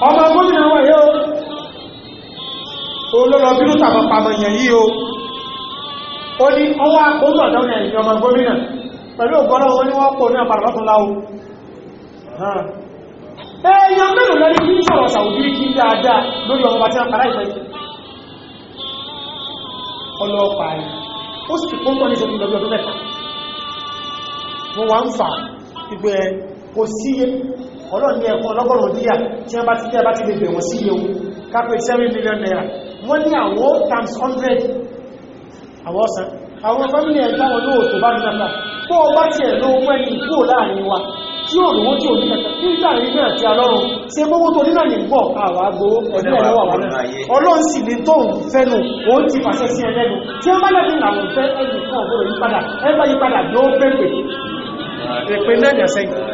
ọmọ gómìnà wọ̀ yóò olóòrọ̀ bínú tàbí pàmọ̀yàn yìí o ó ní ọwọ́ àkóso ọ̀dọ́nà ẹ̀yìn ọmọ gómìnà pẹ̀lú ògbọ́nà wọn ni wọ́n pò ní àpàrà lọ́tún láwọ́ èèyàn mẹ́rin lórí bí sọ̀rọ̀ sàwùdí kí dáadáa lórí ọmọ bá tí wọ́n kàrá ìfẹ́ ọlọ́pàá yìí ó sì kó mọ́ ní ṣe lọ́bí ọdún mẹ́ta mo ọlọ́run ní ẹ̀kọ́ ọlọ́gọ́rùn díà tí wọ́n bá ti bá ti lè bẹ̀ wọ́n sí iye ohun 7 million naira wọ́n ní àwọ́ times 100 àwọ́ ọ̀sán àwọn family ẹ̀ táwọn lóò tó bá nílá tó bá ti ẹ̀ ló wẹ́ ní kúrò láàrin wa tí ò lówó tí ò ní kẹta tí ìgbà rí náà ti alọ́run ṣe gbogbo tó nínà ní gbọ́ àwọn agbo ọdún ẹ̀rọ wà ọlọ́run sì ní tó ń fẹ́nu òun ti pàṣẹ sí ẹlẹ́nu tí ó bá lẹ́nu làwọn fẹ́ ẹnì kan ọ̀gbọ́n yípadà ẹ yípadà ló bẹ̀rẹ̀ ìpínlẹ̀ ẹ̀sẹ̀yìn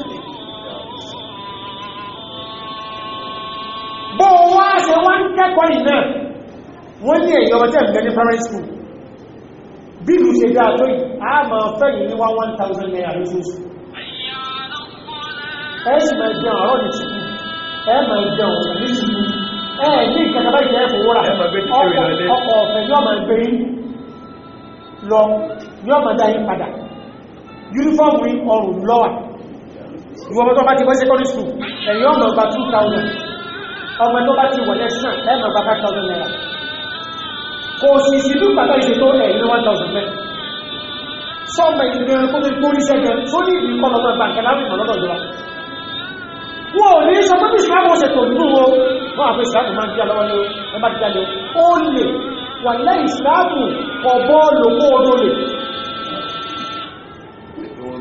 bó wá ṣe wá ń kẹ́kọ̀ọ́ ìná wọ́n ní ẹ̀yọ ọjọ́ ìgbẹ́ ní primary school bí ìlú ṣe dáa tó yìí a máa fẹ́ yìí ní wá 1000 naira lóṣooṣù ẹ sì máa jẹun àárọ̀ ní ṣùkú ẹ máa jẹun ọ̀sán ní ṣùkú ẹ ní ìkẹtàbá ìjẹ ẹ̀kọ́ wúrà ọkọ̀ ọ̀fẹ́ yóò máa gbé lọ yóò máa dá yín padà yúnífọ́ọ̀mù ọrùn lọ́wà ìwọ̀n tó bá ti bọ́ secondary school ẹ̀yọ́ máa gba 2000 ọmọ tó bá ti wọlé sàn ẹ máa gba five thousand naira kò sì sí bí bàtà ìṣètò ẹ̀yìn one thousand mẹ́ sọ́ọ̀mà ìgbìmọ̀ kó tó gbórí sẹ́gàn tó ní ìdí kọ́ lọ́mọ bàǹkẹ́ láwùjọ lọ́dọ̀ ìjọba wọn ò ní sọ pé ìsìláàmù ọ̀sẹ̀ tó nínú wọn wọn àfẹ́ ìsìláàmù máa ń díà lọ́wọ́ ní ẹ bá díà lọ ó lè wà lẹ́ ìsìláàmù ọ̀bọ lòkó odò lè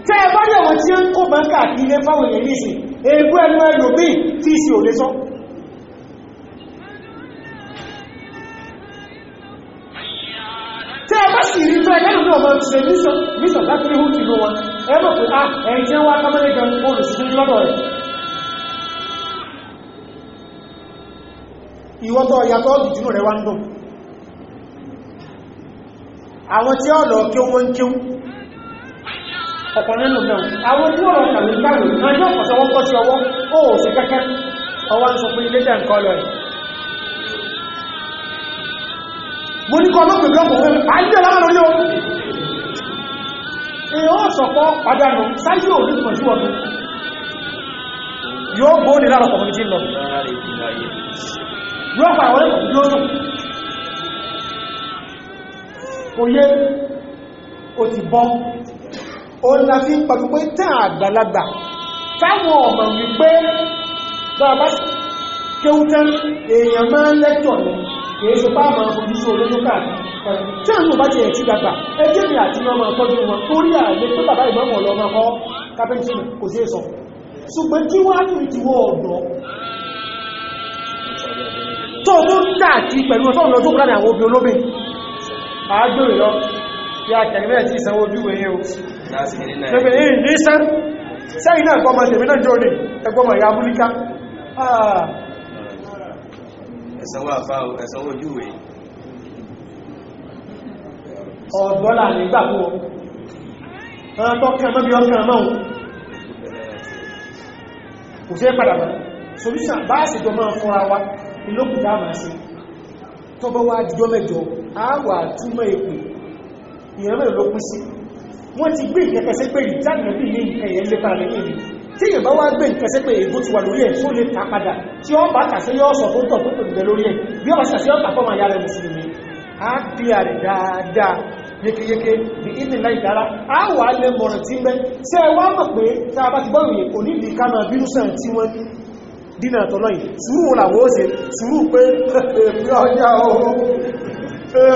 tẹ́ ẹ bá ní àwọn tí ó kó máa ń káàkiri fáwọn èèyàn ní ìsìn èébú ẹnu ẹlòmíì tí ìsìn ò lè sọ ní ọmọ ṣe mission láti ní hùtì ló wọn ẹgbẹ́ pé ah ẹ̀yìn tí wọ́n kámẹ́lẹ̀ gan olùsìnkú lọ́dọ̀ rẹ̀ ìwọ́tọ̀ yàtọ̀ ìjúnú rẹ̀ wá ń dùn àwọn tí ọ̀lọ̀ kí ó wọ́n kí ọ̀pọ̀ nínú náà àwọn tí ọ̀lọ̀ kàmí kàmí náà yóò pọ̀sọ̀ wọ́n kọ́ sí ọwọ́ ó sì kẹ́kẹ́ ọwọ́ ń sọ ìyọ́ sọ̀pọ̀ pàdánù sáyé òní kan sí ọdún yóò gbó ní lára ọkọ̀ méjì lọ yóò pa àwọn ẹ̀kọ̀ yóò dùn oyé o ti bọ́ o ń láti pẹ̀lú pé tán àgbàlagbà táwọn ọmọ wípé bàbá kéwútẹ́ èèyàn máa lẹ́tọ̀ ní kìí ṣe pá àmà fojú sí olóyún káàkiri tí àwọn bá ti ẹ̀ sí gbàgbà ẹgbẹ́ mi àti ọmọ ọ̀tọ́jú wọn torí àlè pé bàbá ìmọ̀mọ̀ lọ ọmọ ọkọ kápẹ́ntì kò sí èso ṣùgbọ́n kí wọ́n á ní ìdíwọ́ ọ̀dọ́ tó tó ń dà kí pẹ̀lú ọ̀tọ́ lọ tó kúrò àwọn obì olóbìn àájòrè lọ kí a kẹ̀rin mẹ́ẹ̀ tí ìsanwó ojú ẹ̀yẹ o lẹ́gbẹ̀ èyí ní sán sẹ́yìn náà gbọ́mọ̀ tèmi náà jọ́ ní ẹgbọ́mọ̀ ìyá abúlíká ah ẹ̀sánwó àfá ẹ̀sánwó ojúwé ọ̀dọ́là nígbàgbọ́ ọ̀rọ̀ tó kẹ́ mọ́bí ọkàn náà kò sí padà bá solúṣà bá ṣèjọ máa fọ́ra wá ilókùtà máa sí tọ́bọ́ wá jíjọ́ mẹ́jọ àwà túnmọ̀ èpè ìyẹn mẹ́rin ló pín sí wọ́n ti gbé ìkẹ́kẹ́ sí pé ìjáàmì bí ní ẹ̀yẹ lépa rẹ̀ nìyí tí èyàn bá wá gbé nǹkan sí pé ègbó ti wà lórí ẹ̀ tó lè ta padà tí ó bá tàṣẹ́ yọ́ ọ̀sọ̀ fún tọ̀tún tó gbẹ lórí ẹ̀ bí ó bá tàṣẹ́ yọ́ tàpọ̀ máa yára mùsùlùmí á bí i àrẹ̀ dáadáa yékéyéké bí ìdí láì dára á wà lè mọ̀rọ̀ tí ń bẹ́ ṣe wá mọ̀ pé tá a bá ti bọ́rù yìí kò níbi ká máa bínú sàn tí wọ́n dínà tọ́lọ́ yìí sùúrù làwọ́ ṣe sùúrù pé èpè ọjà o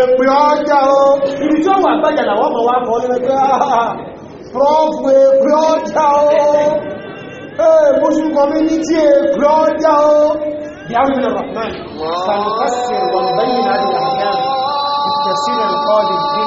èpè ọjà o ibi tí ó wà gbájà làwọ́ mọ̀ wá kọ́ lẹ́gbẹ́ ah, ah, ah, prọ́fù èpè ọjà o ee muslim community grow down. broda o bi'awni rahman sanufasir wa nubayyin hadi al-ahkam bi tafsir al-qadim